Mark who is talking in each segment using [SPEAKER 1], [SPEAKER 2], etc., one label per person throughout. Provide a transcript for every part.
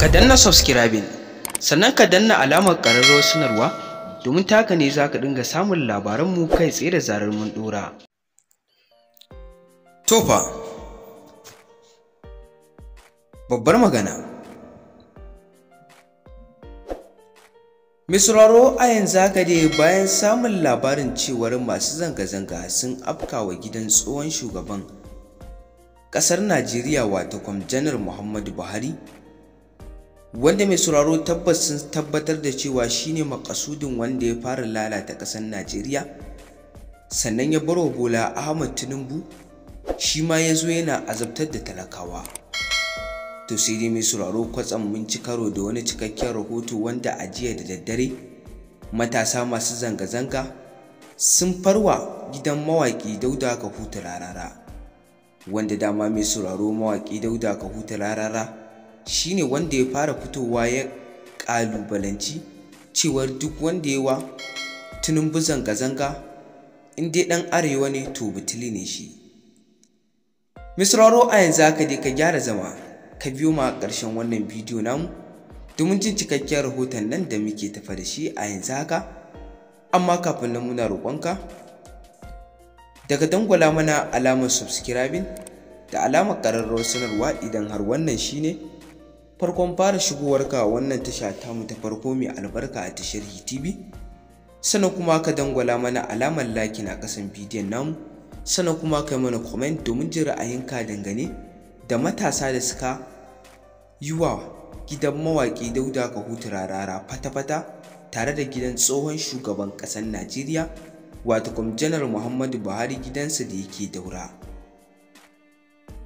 [SPEAKER 1] ka danna subscribing sannan ka danna alamar ƙararrawar sanarwa domin taka ne za ka dinga samun labaranmu kai tsaye da zarar mun dora. Tofa Babbar magana Misraro a yanzu haka dai bayan samun labarin cewar masu zanga-zanga sun afkawa gidan tsohon shugaban ƙasar Najeriya wato Kwamjanar Muhammadu Buhari wanda mai sauraro tabbas sun tabbatar da cewa shine makasudin wanda ya fara lalata ƙasar najeriya sannan ya bar wa bola ahmad tinubu shi ma ya zo yana azabtar da talakawa to sai dai mai sauraro kwatsam mun ci karo da wani cikakken rahoto wanda a jiya da daddare matasa masu zanga-zanga sun farwa gidan mawaƙi dauda ka huta larara wanda dama mai sauraro mawaƙi dauda ka huta larara shine wanda ya fara fitowa ya kalubalanci cewar duk wanda yawa tinubu zanga-zanga in dai ɗan arewa ne to bitili ne shi misraro a yanzu haka dai ka gyara zama ka biyo ma ƙarshen wannan bidiyo namu domin jin cikakken rahoton nan da muke tafa da shi a yanzu haka amma kafin nan muna roƙonka daga dangwala mana alamar subscribing da alamar ƙararrawar sanarwa idan har wannan shine farkon fara shigowarka wannan tasha tamu ta farko mai albarka a tashar tv Sana kuma ka dangwala mana alamar like na kasan bidiyon namu Sana kuma ka yi mana comment domin jin ra'ayinka dangane da matasa da suka yi wa gidan mawaƙi dauda ka hutu rarara fata-fata tare da gidan tsohon shugaban ƙasar najeriya wato janar muhammadu buhari gidansa da yake daura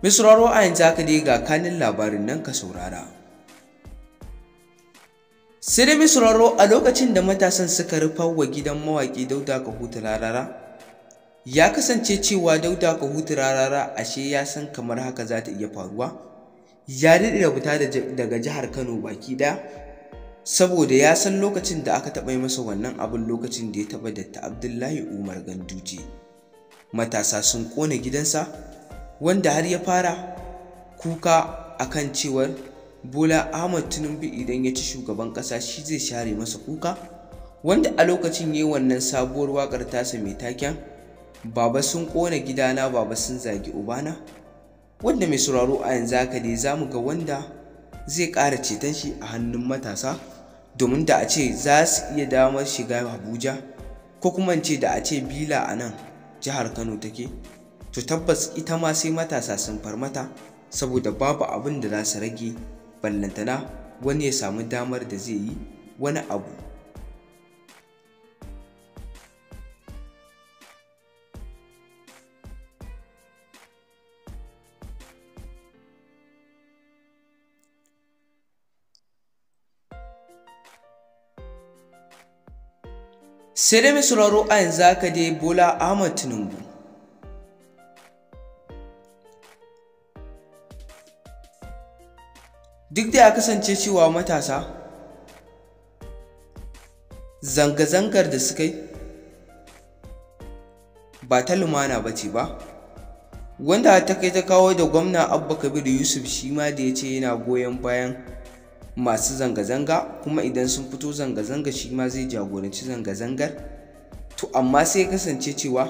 [SPEAKER 1] misrarwa a yanzu haka dai ga kanin labarin nan ka saurara sai sauraro a lokacin da matasan suka rufa wa gidan mawaƙi dauda kahutu rarara ya kasance cewa dauda huta rarara ashe ya san kamar haka za ta iya faruwa ya daɗe da fita daga jihar kano baki ɗaya saboda ya san lokacin da aka taɓa masa wannan abun lokacin da ya taɓa datta abdullahi umar ganduje matasa sun kona gidansa wanda har ya fara kuka akan cewar bola ahmad tinubu idan ya ci shugaban ƙasa shi zai share masa kuka wanda a lokacin yi wannan sabuwar waƙar tasa mai taken baba sun kona gidana baba sun zagi ubana wanda mai sauraro a yanzu haka dai za mu ga wanda zai ƙara ceton shi a hannun matasa domin da a ce za su iya damar shiga abuja ko kuma ce da a ce bila a nan jihar kano take to tabbas ita ma sai matasa sun farmata saboda babu abin da za su rage ballantana wani ya samu damar da zai yi wani abu sai dai mai sauraro a yanzu haka dai bola ahmad tinubu duk da ya kasance cewa matasa zanga-zangar da suka yi ba ta lumana ba ce ba wanda ta kai ta kawo da gwamna abba Kabiru yusuf shi ma da ya ce yana goyon bayan masu zanga-zanga kuma idan sun fito zanga-zanga shi ma zai jagoranci zanga-zangar to amma sai ya kasance cewa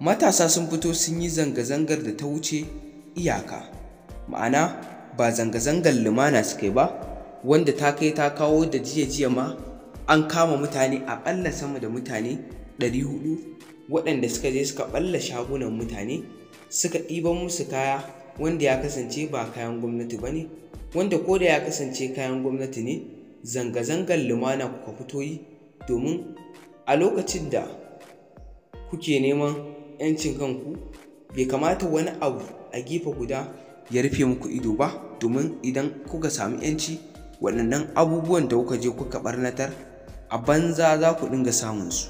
[SPEAKER 1] matasa sun fito sun yi zanga-zangar da ta wuce iyaka ma'ana ba zanga-zangar lumana suka yi ba wanda ta kai ta kawo da jiya-jiya ma an kama mutane a ɓalla sama da mutane 400 waɗanda suka je suka ɓalla shagunan mutane suka ɗiban musu kaya wanda ya kasance ba kayan gwamnati ba ne wanda ko da ya kasance kayan gwamnati ne zanga-zangar lumana kuka fito yi domin a lokacin da kuke neman 'yancin kanku bai kamata wani abu a gefe guda ya rufe muku ido ba domin idan kuka sami yanci waɗannan abubuwan da kuka je kuka barnatar a banza za ku dinga samun su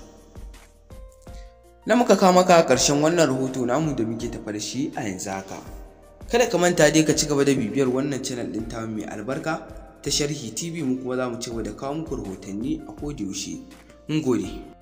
[SPEAKER 1] na muka kama ka ƙarshen wannan rahoto namu da muke tafa da shi a yanzu haka kada ka manta dai ka ci gaba da bibiyar wannan channel ɗin ta mai albarka ta sharhi tv mu kuma za mu ci gaba da kawo muku rahotanni a kodayaushe mun gode